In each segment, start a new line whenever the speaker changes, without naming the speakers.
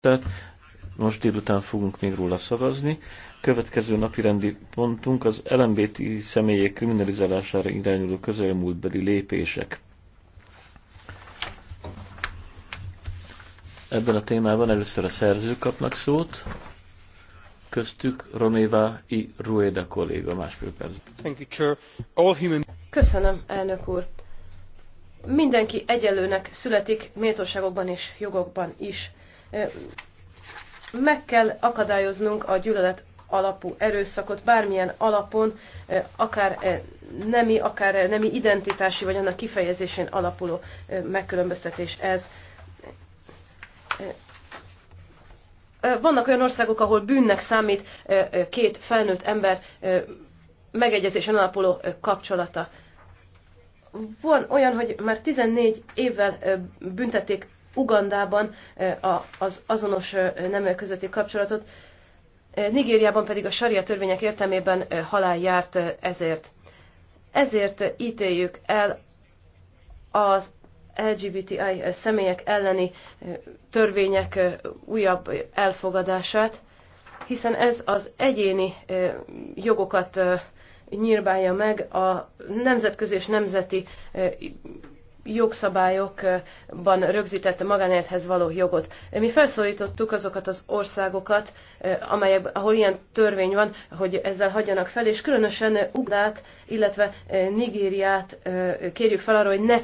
Tehát most délután fogunk még róla szavazni. Következő napi rendi pontunk az LMBT személyek kriminalizálására irányuló közelmúltbeli lépések. Ebben a témában először a szerzők kapnak szót, köztük Romeva I. Rueda kolléga másfél percben.
Köszönöm, elnök úr. Mindenki egyelőnek születik méltóságokban és jogokban is meg kell akadályoznunk a gyűlölet alapú erőszakot bármilyen alapon, akár nemi, akár nemi identitási vagy annak kifejezésén alapuló megkülönböztetés ez. Vannak olyan országok, ahol bűnnek számít két felnőtt ember megegyezésen alapuló kapcsolata. Van olyan, hogy már 14 évvel büntették Ugandában az azonos nemek közötti kapcsolatot, Nigériában pedig a saria törvények értelmében halál járt ezért. Ezért ítéljük el az LGBTI személyek elleni törvények újabb elfogadását, hiszen ez az egyéni jogokat nyírbálja meg a nemzetközi és nemzeti jogszabályokban rögzítette magánélethez való jogot. Mi felszólítottuk azokat az országokat, eh, amelyek, ahol ilyen törvény van, hogy ezzel hagyjanak fel, és különösen Ugandát, illetve eh, Nigériát eh, kérjük fel arra, hogy ne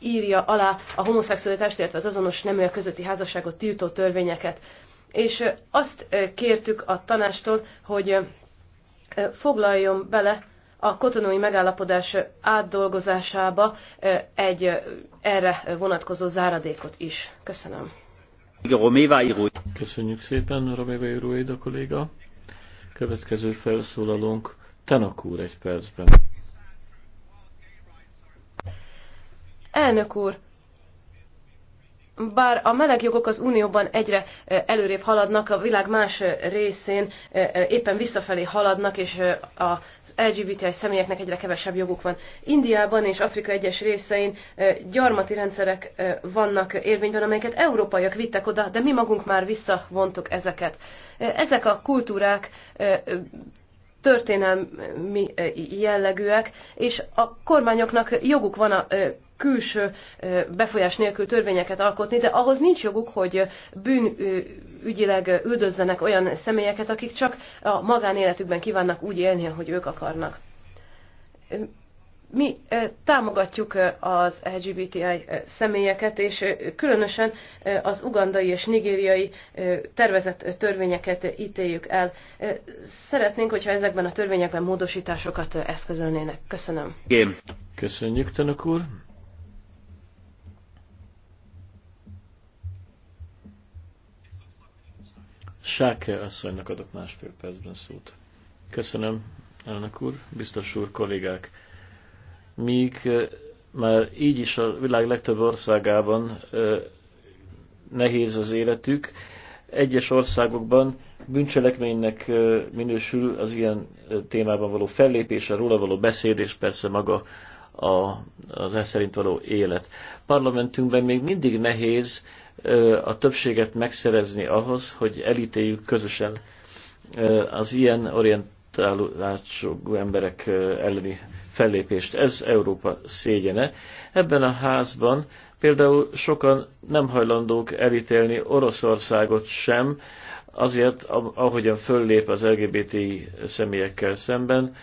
írja alá a homoszexualitást, illetve az azonos neműek közötti házasságot tiltó törvényeket. És azt kértük a tanástól, hogy foglaljon bele a kotonói megállapodás átdolgozásába egy erre vonatkozó záradékot is. Köszönöm.
Köszönjük szépen, Roméva Iruéda kolléga. Következő felszólalónk Tanak úr egy percben.
Elnök úr, bár a melegjogok az Unióban egyre előrébb haladnak, a világ más részén éppen visszafelé haladnak, és az LGBTI személyeknek egyre kevesebb joguk van. Indiában és Afrika egyes részein gyarmati rendszerek vannak érvényben, amelyeket európaiak vittek oda, de mi magunk már visszavontuk ezeket. Ezek a kultúrák történelmi jellegűek, és a kormányoknak joguk van a külső befolyás nélkül törvényeket alkotni, de ahhoz nincs joguk, hogy bűnügyileg üldözzenek olyan személyeket, akik csak a magánéletükben kívánnak úgy élni, ahogy ők akarnak. Mi támogatjuk az LGBTI személyeket, és különösen az ugandai és nigériai tervezett törvényeket ítéljük el. Szeretnénk, hogyha ezekben a törvényekben módosításokat eszközölnének. Köszönöm.
Köszönjük, tanok úr. Sáke asszonynak adok másfél percben szót. Köszönöm, elnök úr, biztos úr, kollégák. Míg már így is a világ legtöbb országában nehéz az életük, egyes országokban bűncselekménynek minősül az ilyen témában való fellépése, róla való beszéd, és persze maga a, az e szerint való élet. Parlamentünkben még mindig nehéz a többséget megszerezni ahhoz, hogy elítéljük közösen az ilyen orientálású emberek elleni fellépést. Ez Európa szégyene. Ebben a házban például sokan nem hajlandók elítélni Oroszországot sem, azért, ahogyan föllép az LGBT személyekkel szemben,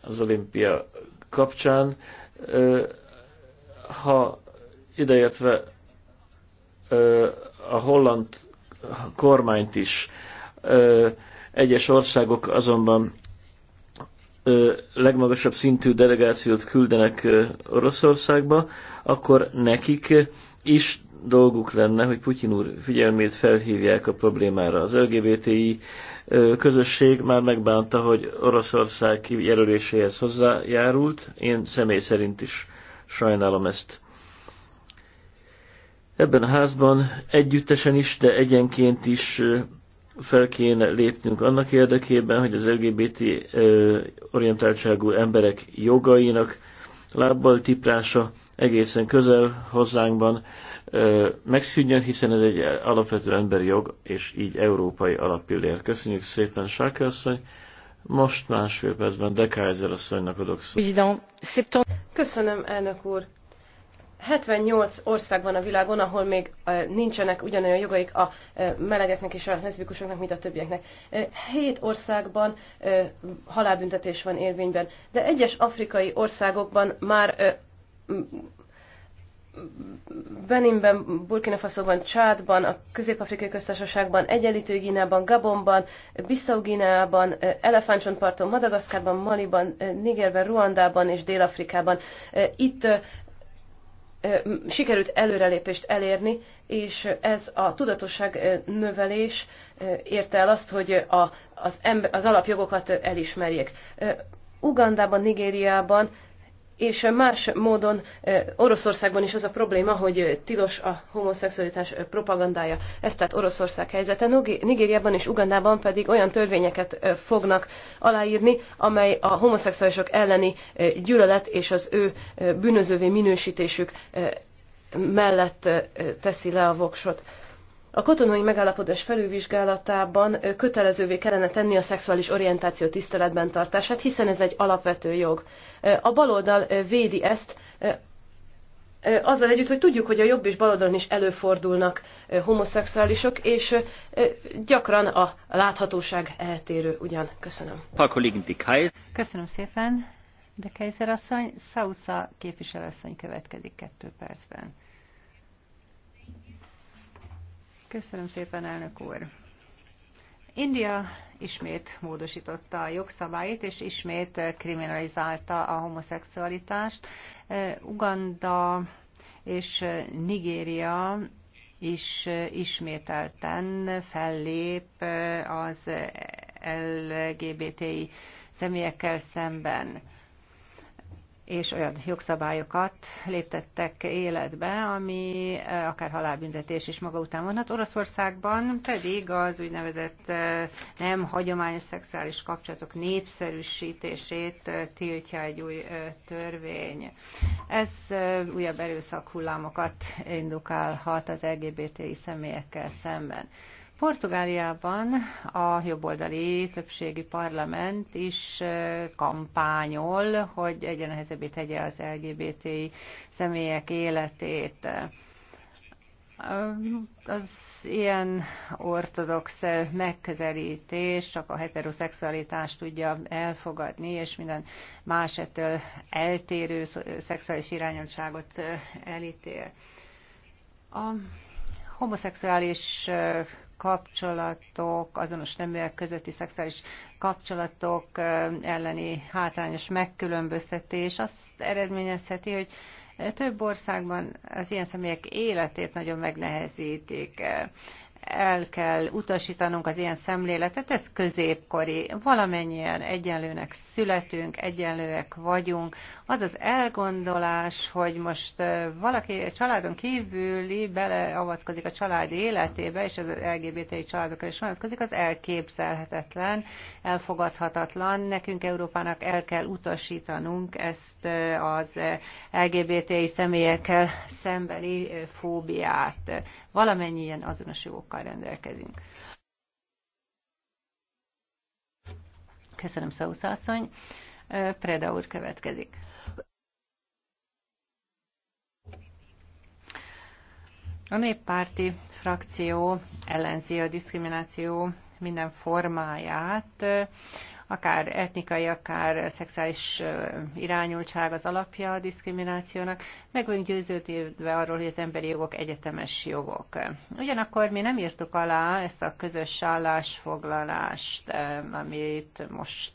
az olimpia kapcsán, ha ideértve a holland kormányt is, egyes országok azonban legmagasabb szintű delegációt küldenek Oroszországba, akkor nekik is dolguk lenne, hogy Putyin úr figyelmét felhívják a problémára. Az LGBTI közösség már megbánta, hogy Oroszország kijelöléséhez hozzájárult. Én személy szerint is sajnálom ezt. Ebben a házban együttesen is, de egyenként is fel kéne lépnünk annak érdekében, hogy az LGBT orientáltságú emberek jogainak lábbal tiprása egészen közel hozzánkban megszűnjön, hiszen ez egy alapvető emberi jog, és így európai alapillér. Köszönjük szépen, Sáke asszony. Most másfél percben de Kaiser asszonynak adok
szót. Köszönöm, elnök úr. 78 ország van a világon, ahol még nincsenek ugyanolyan jogaik a melegeknek és a leszbikusoknak, mint a többieknek. Hét országban halálbüntetés van érvényben, de egyes afrikai országokban már Beninben, Burkina Fasoban, Csádban, a Közép-Afrikai Köztársaságban, Egyenlítő Gínában, Gabonban, Bissau Gínában, Elefántcsontparton, Madagaszkárban, Maliban, Nigerben, Ruandában és Dél-Afrikában. Itt sikerült előrelépést elérni, és ez a tudatosság növelés érte el azt, hogy a, az, ember, az alapjogokat elismerjék. Ugandában, Nigériában és más módon Oroszországban is az a probléma, hogy tilos a homoszexualitás propagandája. Ez tehát Oroszország helyzete. Nigériában és Ugandában pedig olyan törvényeket fognak aláírni, amely a homoszexuálisok elleni gyűlölet és az ő bűnözővé minősítésük mellett teszi le a voksot. A kotonói megállapodás felülvizsgálatában kötelezővé kellene tenni a szexuális orientáció tiszteletben tartását, hiszen ez egy alapvető jog. A baloldal védi ezt azzal együtt, hogy tudjuk, hogy a jobb és baloldalon is előfordulnak homoszexuálisok,
és gyakran a láthatóság eltérő ugyan. Köszönöm. Köszönöm szépen. De Kaiser asszony, Szausa képviselőasszony következik kettő percben. Köszönöm szépen, elnök úr. India ismét módosította a jogszabályt, és ismét kriminalizálta a homoszexualitást. Uganda és Nigéria is ismételten fellép az LGBTI személyekkel szemben és olyan jogszabályokat léptettek életbe, ami eh, akár halálbüntetés is maga után vonhat. Oroszországban pedig az úgynevezett eh, nem hagyományos szexuális kapcsolatok népszerűsítését eh, tiltja egy új törvény. Ez újabb hullámokat indukálhat az LGBTI személyekkel szemben. Portugáliában a jobboldali többségi parlament is kampányol, hogy egyre tegye az LGBT személyek életét. Az ilyen ortodox megközelítés csak a heteroszexualitást tudja elfogadni, és minden más ettől eltérő szexuális irányultságot elítél. A homoszexuális kapcsolatok, azonos neműek közötti szexuális kapcsolatok elleni hátrányos megkülönböztetés azt eredményezheti, hogy több országban az ilyen személyek életét nagyon megnehezítik el kell utasítanunk az ilyen szemléletet, ez középkori. Valamennyien egyenlőnek születünk, egyenlőek vagyunk. Az az elgondolás, hogy most valaki a családon kívüli beleavatkozik a család életébe, és az LGBTI családokra is vonatkozik, az elképzelhetetlen, elfogadhatatlan. Nekünk Európának el kell utasítanunk ezt az LGBTI személyekkel szembeni fóbiát. Valamennyien azonos jogokkal technikával rendelkezünk. Köszönöm, Szausza asszony. Preda úr következik. A néppárti frakció ellenzi a diszkrimináció minden formáját, akár etnikai, akár szexuális irányultság az alapja a diszkriminációnak, meg vagyunk győződve arról, hogy az emberi jogok egyetemes jogok. Ugyanakkor mi nem írtuk alá ezt a közös állásfoglalást, amit most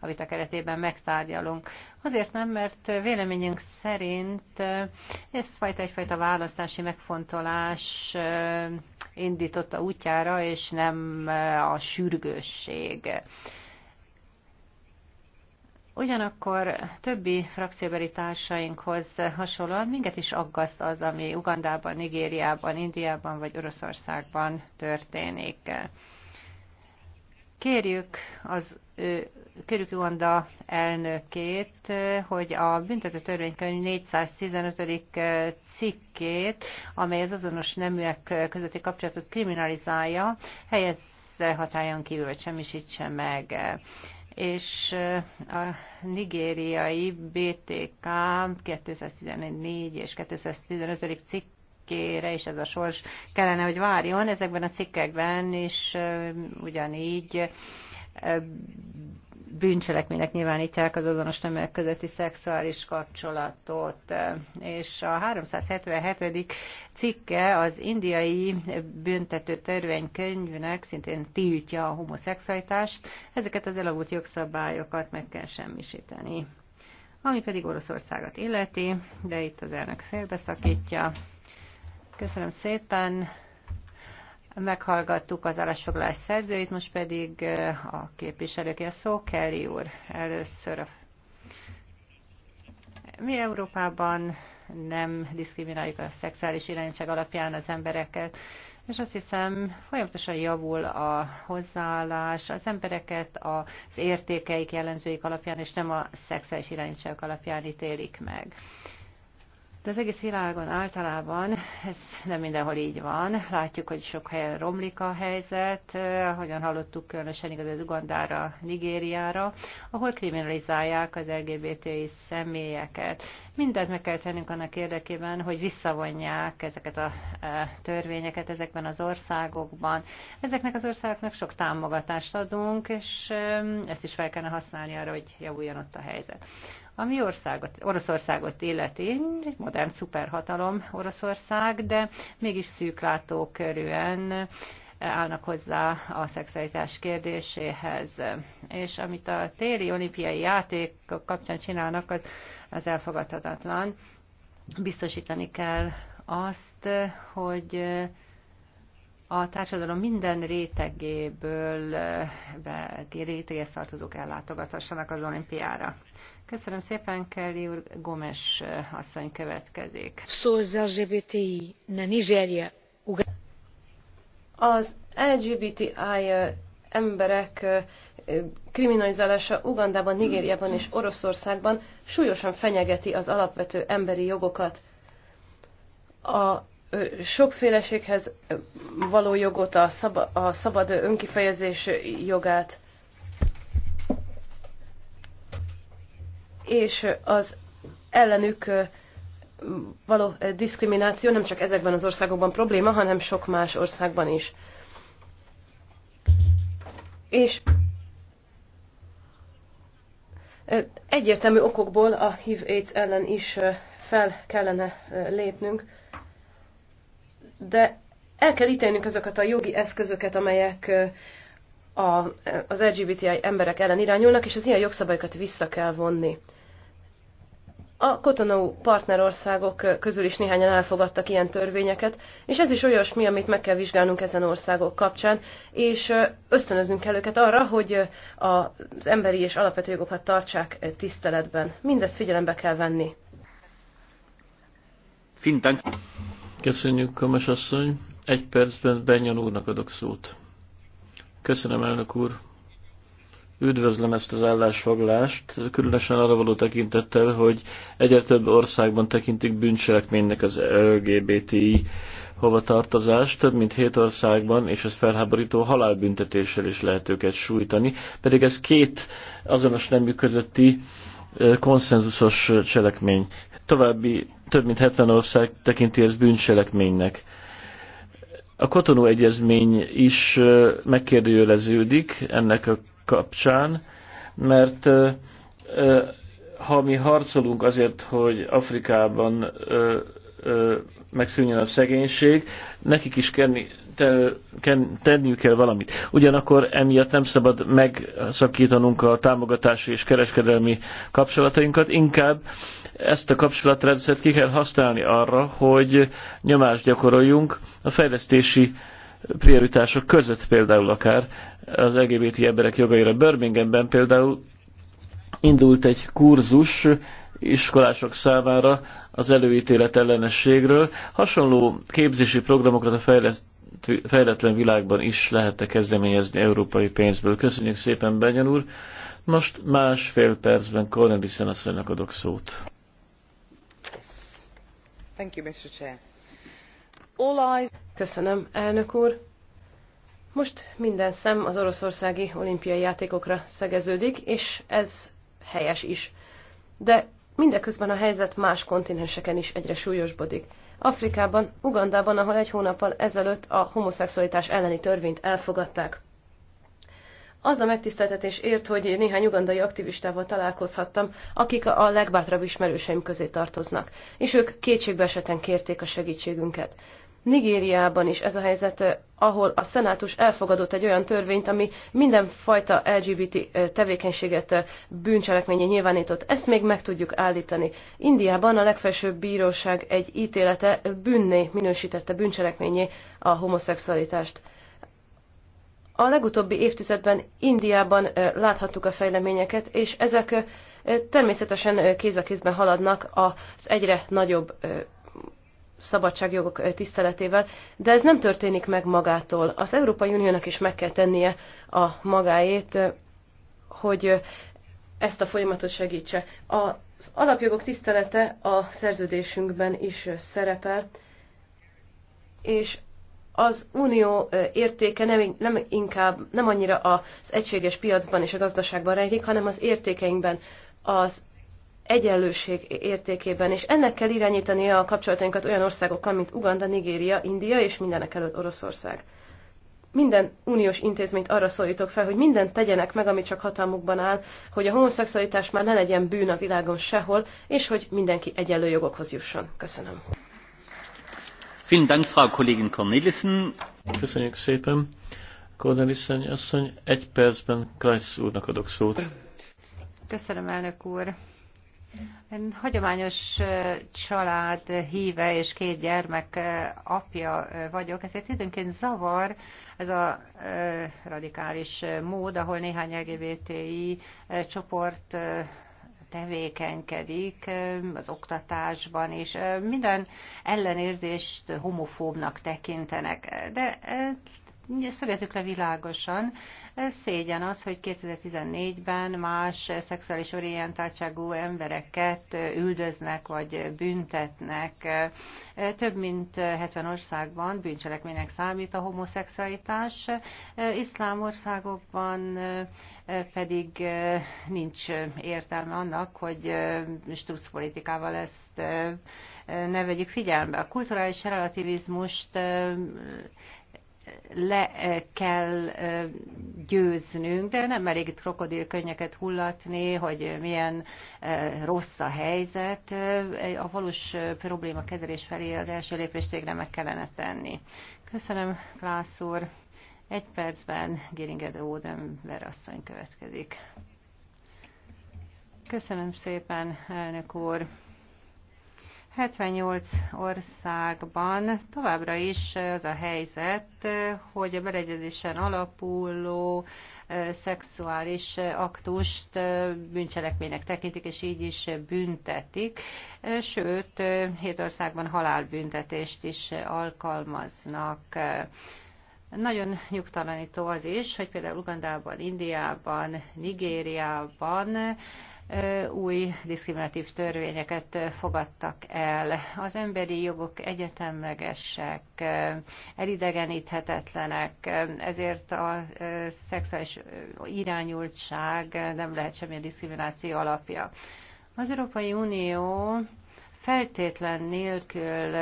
a vita keretében megtárgyalunk. Azért nem, mert véleményünk szerint ez fajta egyfajta választási megfontolás indította útjára, és nem a sürgősség. Ugyanakkor többi frakcióbeli társainkhoz hasonlóan minket is aggaszt az, ami Ugandában, Nigériában, Indiában vagy Oroszországban történik. Kérjük az kérjük Uganda elnökét, hogy a büntető törvénykönyv 415. cikkét, amely az azonos neműek közötti kapcsolatot kriminalizálja, helyezze hatályon kívül, vagy semmisítse meg és a nigériai BTK 2014 és 2015. cikk cikkére, is ez a sors kellene, hogy várjon. Ezekben a cikkekben is ugyanígy bűncselekménynek nyilvánítják az azonos nemek közötti szexuális kapcsolatot. És a 377. cikke az indiai büntető törvénykönyvnek szintén tiltja a homoszexualitást. Ezeket az elavult jogszabályokat meg kell semmisíteni. Ami pedig Oroszországot illeti, de itt az elnök félbeszakítja. Köszönöm szépen. Meghallgattuk az állásfoglalás szerzőit, most pedig a képviselőké a szó, Kelly úr, először. Mi Európában nem diszkrimináljuk a szexuális irányítság alapján az embereket, és azt hiszem folyamatosan javul a hozzáállás, az embereket az értékeik, jellemzőik alapján, és nem a szexuális irányítság alapján ítélik meg. De az egész világon általában ez nem mindenhol így van. Látjuk, hogy sok helyen romlik a helyzet, hogyan hallottuk különösen igaz az Ugandára, Nigériára, ahol kriminalizálják az LGBTI személyeket. Mindent meg kell tennünk annak érdekében, hogy visszavonják ezeket a e, törvényeket ezekben az országokban. Ezeknek az országoknak sok támogatást adunk, és e, ezt is fel kellene használni arra, hogy javuljon ott a helyzet. A mi országot, Oroszországot illeti, egy modern szuperhatalom Oroszország, de mégis szűklátókörűen állnak hozzá a szexualitás kérdéséhez. És amit a téli olimpiai játékok kapcsán csinálnak, az, az elfogadhatatlan. Biztosítani kell azt, hogy a társadalom minden rétegéből eh, réteghez tartozók ellátogathassanak az olimpiára. Köszönöm szépen, Kelly úr, Gomes eh, asszony következik.
az lgbti na Nigéria, az LGBTI emberek kriminalizálása Ugandában, Nigériában és Oroszországban súlyosan fenyegeti az alapvető emberi jogokat. A sokféleséghez való jogot, a, szab a szabad önkifejezés jogát, és az ellenük való diszkrimináció nem csak ezekben az országokban probléma, hanem sok más országban is. És egyértelmű okokból a HIV-AIDS ellen is fel kellene lépnünk, de el kell ítélnünk azokat a jogi eszközöket, amelyek a, az LGBTI emberek ellen irányulnak, és az ilyen jogszabályokat vissza kell vonni. A Kotonó partnerországok közül is néhányan elfogadtak ilyen törvényeket, és ez is olyasmi, amit meg kell vizsgálnunk ezen országok kapcsán, és ösztönöznünk kell őket arra, hogy az emberi és alapvető jogokat tartsák tiszteletben. Mindezt figyelembe kell venni.
Fintan. Köszönjük, Kamas asszony. Egy percben Benyan úrnak adok szót. Köszönöm, elnök úr. Üdvözlöm ezt az állásfoglást, különösen arra való tekintettel, hogy egyre több országban tekintik bűncselekménynek az LGBTI hovatartozást, több mint hét országban, és ez felháborító halálbüntetéssel is lehet őket sújtani, pedig ez két azonos nemű közötti konszenzusos cselekmény. További több mint 70 ország tekinti ezt bűncselekménynek. A Kotonú Egyezmény is megkérdőjeleződik ennek a kapcsán, mert ha mi harcolunk azért, hogy Afrikában megszűnjön a szegénység, nekik is kenni, te, ken, tenniük kell valamit. Ugyanakkor emiatt nem szabad megszakítanunk a támogatási és kereskedelmi kapcsolatainkat, inkább ezt a kapcsolatrendszert ki kell használni arra, hogy nyomást gyakoroljunk a fejlesztési prioritások között például akár az LGBT emberek jogaira. Birminghamben például indult egy kurzus iskolások számára az előítélet ellenességről. Hasonló képzési programokat a fejleszt fejletlen világban is lehetne kezdeményezni európai pénzből. Köszönjük szépen, Benyan úr. Most másfél percben Cornelissen asszonynak adok szót.
Köszönöm, elnök úr. Most minden szem az oroszországi olimpiai játékokra szegeződik, és ez helyes is. De mindeközben a helyzet más kontinenseken is egyre súlyosbodik. Afrikában, Ugandában, ahol egy hónappal ezelőtt a homoszexualitás elleni törvényt elfogadták. Az a megtiszteltetés ért, hogy néhány ugandai aktivistával találkozhattam, akik a legbátrabb ismerőseim közé tartoznak, és ők kétségbe esetten kérték a segítségünket. Nigériában is ez a helyzet, eh, ahol a szenátus elfogadott egy olyan törvényt, ami mindenfajta LGBT eh, tevékenységet eh, bűncselekményé nyilvánított. Ezt még meg tudjuk állítani. Indiában a legfelsőbb bíróság egy ítélete bűnné minősítette bűncselekményé a homoszexualitást. A legutóbbi évtizedben Indiában láthattuk a fejleményeket, és ezek természetesen kéz a kézben haladnak az egyre nagyobb szabadságjogok tiszteletével, de ez nem történik meg magától. Az Európai Uniónak is meg kell tennie a magáét, hogy ezt a folyamatot segítse. Az alapjogok tisztelete a szerződésünkben is szerepel, és az unió értéke nem, nem inkább, nem annyira az egységes piacban és a gazdaságban rejlik, hanem az értékeinkben, az egyenlőség értékében, és ennek kell irányítani a kapcsolatainkat olyan országokkal, mint Uganda, Nigéria, India és mindenek előtt Oroszország. Minden uniós intézményt arra szólítok fel, hogy mindent tegyenek meg, ami csak hatalmukban áll, hogy a homoszexualitás már ne legyen bűn a világon sehol, és hogy mindenki egyenlő jogokhoz jusson. Köszönöm.
Köszönjük szépen. Cornelissen asszony, egy percben Kreis úrnak adok szót.
Köszönöm, elnök úr. Hagyományos család híve és két gyermek apja vagyok, ezért időnként zavar ez a radikális mód, ahol néhány LGBTI csoport tevékenykedik az oktatásban, és minden ellenérzést homofóbnak tekintenek. De szögezzük le világosan, szégyen az, hogy 2014-ben más szexuális orientáltságú embereket üldöznek vagy büntetnek. Több mint 70 országban bűncselekménynek számít a homoszexualitás, iszlám országokban pedig nincs értelme annak, hogy struc politikával ezt ne vegyük figyelembe. A kulturális relativizmust le eh, kell eh, győznünk, de nem elég krokodilkönnyeket hullatni, hogy milyen eh, rossz a helyzet. A valós probléma kezelés felé az első lépést végre meg kellene tenni. Köszönöm, Klász úr. Egy percben de Ódember asszony következik. Köszönöm szépen, elnök úr. 78 országban továbbra is az a helyzet, hogy a beleegyezésen alapuló szexuális aktust bűncselekménynek tekintik, és így is büntetik, sőt, hét országban halálbüntetést is alkalmaznak. Nagyon nyugtalanító az is, hogy például Ugandában, Indiában, Nigériában új diszkriminatív törvényeket fogadtak el. Az emberi jogok egyetemlegesek, elidegeníthetetlenek, ezért a szexuális irányultság nem lehet semmilyen diszkrimináció alapja. Az Európai Unió feltétlen nélkül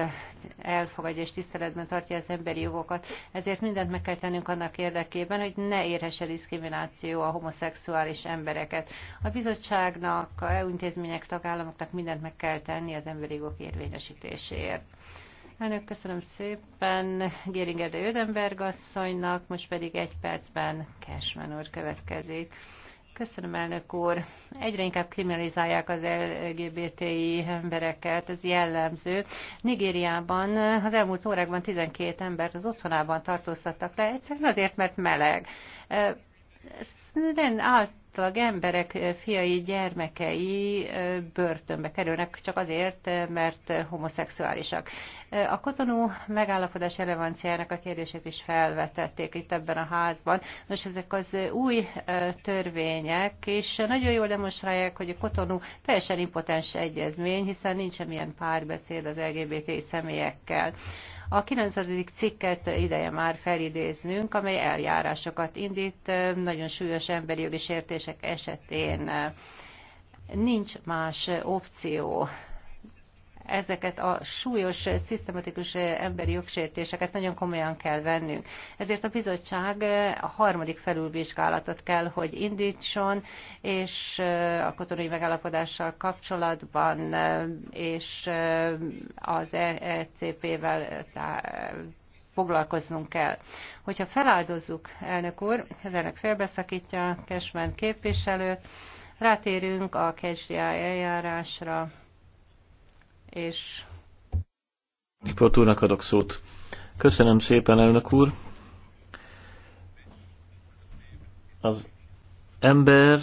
elfogadja és tiszteletben tartja az emberi jogokat. Ezért mindent meg kell tennünk annak érdekében, hogy ne érhesse diszkrimináció a homoszexuális embereket. A bizottságnak, a EU intézmények, tagállamoknak mindent meg kell tenni az emberi jogok érvényesítéséért. Elnök, köszönöm szépen Géringer de Ödenberg asszonynak, most pedig egy percben Cashman úr következik. Köszönöm, elnök úr. Egyre inkább kriminalizálják az LGBTI embereket, ez jellemző. Nigériában az elmúlt órákban 12 embert az otthonában tartóztattak le, egyszerűen azért, mert meleg. Ez állt állítólag emberek eh, fiai, gyermekei eh, börtönbe kerülnek csak azért, eh, mert homoszexuálisak. A kotonú megállapodás relevanciának a kérdését is felvetették itt ebben a házban. Nos, ezek az új törvények, és nagyon jól demonstrálják, hogy a kotonú teljesen impotens egyezmény, hiszen nincs semmilyen párbeszéd az LGBT személyekkel. A 9. cikket ideje már felidéznünk, amely eljárásokat indít nagyon súlyos emberi jogi sértések esetén. Nincs más opció ezeket a súlyos, szisztematikus emberi jogsértéseket nagyon komolyan kell vennünk. Ezért a bizottság a harmadik felülvizsgálatot kell, hogy indítson, és a katonai megállapodással kapcsolatban, és az ECP-vel e foglalkoznunk kell. Hogyha feláldozzuk, elnök úr, az elnök félbeszakítja Kesmen képviselőt, rátérünk a KSDI eljárásra és...
Riport úrnak adok szót. Köszönöm szépen, elnök úr. Az emberi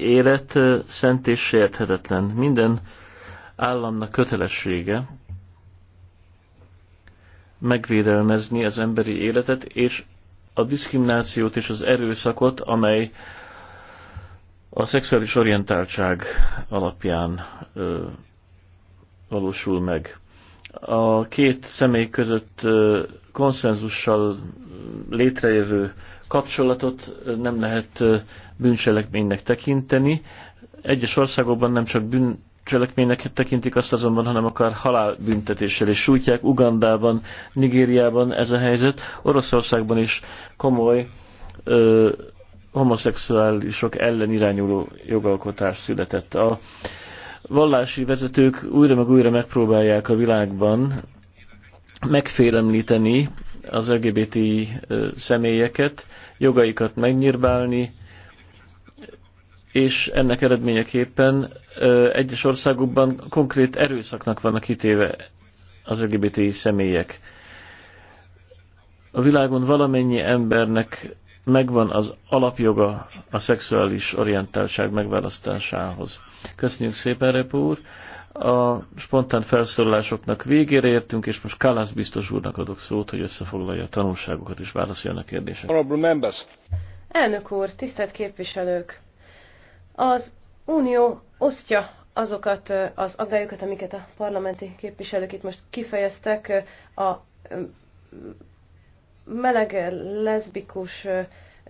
élet szent és sérthetetlen. Minden államnak kötelessége megvédelmezni az emberi életet, és a diszkriminációt és az erőszakot, amely a szexuális orientáltság alapján ö, valósul meg. A két személy között konszenzussal létrejövő kapcsolatot nem lehet bűncselekménynek tekinteni. Egyes országokban nem csak bűn cselekménynek tekintik azt azonban, hanem akár halálbüntetéssel is sújtják. Ugandában, Nigériában ez a helyzet. Oroszországban is komoly ö, homoszexuálisok ellen irányuló jogalkotás született. A vallási vezetők újra meg újra megpróbálják a világban megfélemlíteni az LGBT személyeket, jogaikat megnyírbálni, és ennek eredményeképpen egyes országokban konkrét erőszaknak vannak kitéve az LGBT személyek. A világon valamennyi embernek megvan az alapjoga a szexuális orientáltság megválasztásához. Köszönjük szépen, Repó úr! A spontán felszólalásoknak végére értünk, és most Kalász biztos úrnak adok szót, hogy összefoglalja a tanulságokat és válaszoljon a kérdésekre.
Elnök úr, tisztelt képviselők! Az Unió osztja azokat az aggályokat, amiket a parlamenti képviselők itt most kifejeztek a meleg, leszbikus,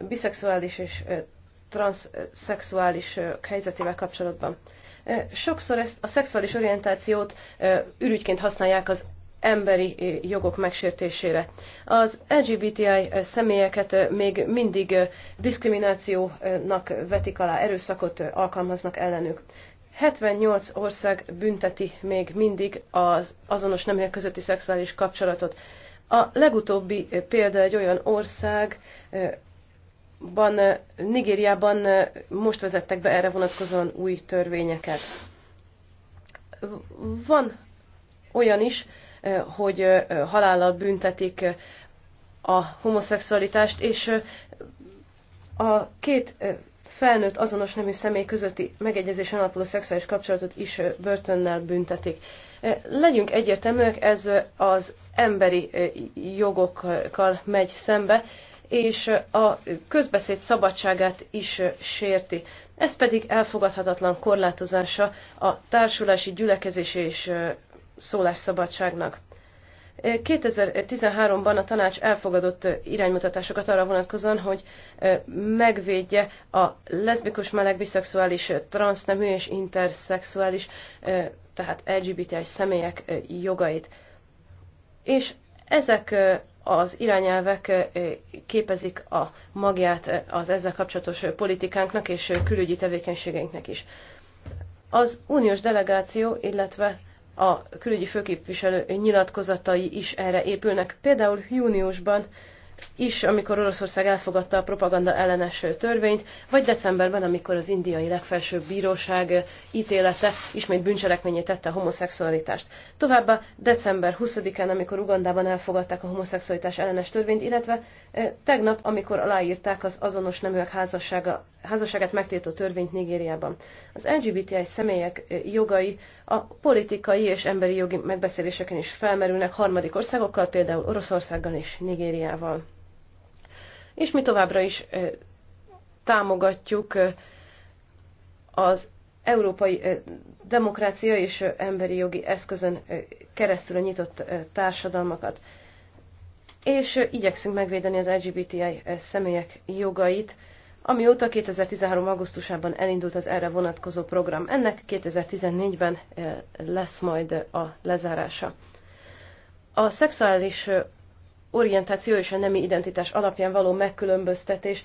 biszexuális és transzexuális helyzetével kapcsolatban. Sokszor ezt a szexuális orientációt ürügyként használják az emberi jogok megsértésére. Az LGBTI személyeket még mindig diszkriminációnak vetik alá, erőszakot alkalmaznak ellenük. 78 ország bünteti még mindig az azonos nemek közötti szexuális kapcsolatot. A legutóbbi példa egy olyan ország, Ban, Nigériában most vezettek be erre vonatkozóan új törvényeket. Van olyan is, hogy halállal büntetik a homoszexualitást, és a két felnőtt azonos nemű személy közötti megegyezésen alapuló szexuális kapcsolatot is börtönnel büntetik. Legyünk egyértelműek, ez az emberi jogokkal megy szembe, és a közbeszéd szabadságát is sérti. Ez pedig elfogadhatatlan korlátozása a társulási gyülekezés és szólásszabadságnak. 2013-ban a tanács elfogadott iránymutatásokat arra vonatkozóan, hogy megvédje a leszbikus, meleg, biszexuális, transznemű és interszexuális, tehát LGBTI személyek jogait és ezek az irányelvek képezik a magját az ezzel kapcsolatos politikánknak és külügyi tevékenységeinknek is. Az uniós delegáció, illetve a külügyi főképviselő nyilatkozatai is erre épülnek. Például júniusban is, amikor Oroszország elfogadta a propaganda ellenes törvényt, vagy decemberben, amikor az indiai legfelsőbb bíróság ítélete ismét bűncselekményé tette a homoszexualitást. Továbbá december 20-án, amikor Ugandában elfogadták a homoszexualitás ellenes törvényt, illetve eh, tegnap, amikor aláírták az azonos neműek házassága, házasságát megtiltó törvényt Nigériában. Az LGBTI személyek eh, jogai a politikai és emberi jogi megbeszéléseken is felmerülnek harmadik országokkal, például Oroszországgal és Nigériával és mi továbbra is támogatjuk az európai demokrácia és emberi jogi eszközön keresztül nyitott társadalmakat. És igyekszünk megvédeni az LGBTI személyek jogait, amióta 2013. augusztusában elindult az erre vonatkozó program. Ennek 2014-ben lesz majd a lezárása. A szexuális orientáció és a nemi identitás alapján való megkülönböztetés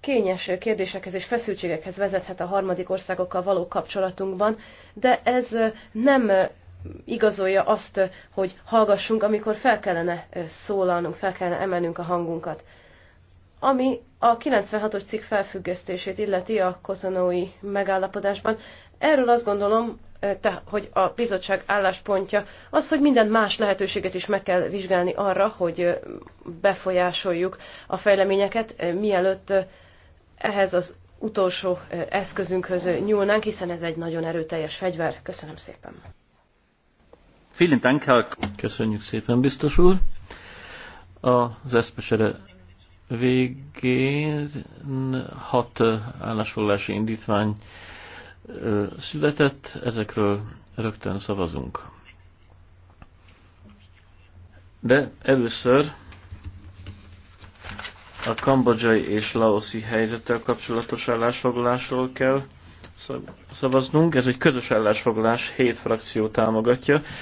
kényes kérdésekhez és feszültségekhez vezethet a harmadik országokkal való kapcsolatunkban, de ez nem igazolja azt, hogy hallgassunk, amikor fel kellene szólalnunk, fel kellene emelnünk a hangunkat ami a 96-os cikk felfüggesztését illeti a kotonói megállapodásban. Erről azt gondolom, te, hogy a bizottság álláspontja az, hogy minden más lehetőséget is meg kell vizsgálni arra, hogy befolyásoljuk a fejleményeket, mielőtt ehhez az utolsó eszközünkhöz nyúlnánk, hiszen ez egy nagyon erőteljes fegyver. Köszönöm szépen.
Köszönjük szépen, biztos úr. Az eszpesere végén hat állásfoglalási indítvány született, ezekről rögtön szavazunk. De először a kambodzsai és laoszi helyzettel kapcsolatos állásfoglalásról kell szavaznunk. Ez egy közös állásfoglalás, hét frakció támogatja.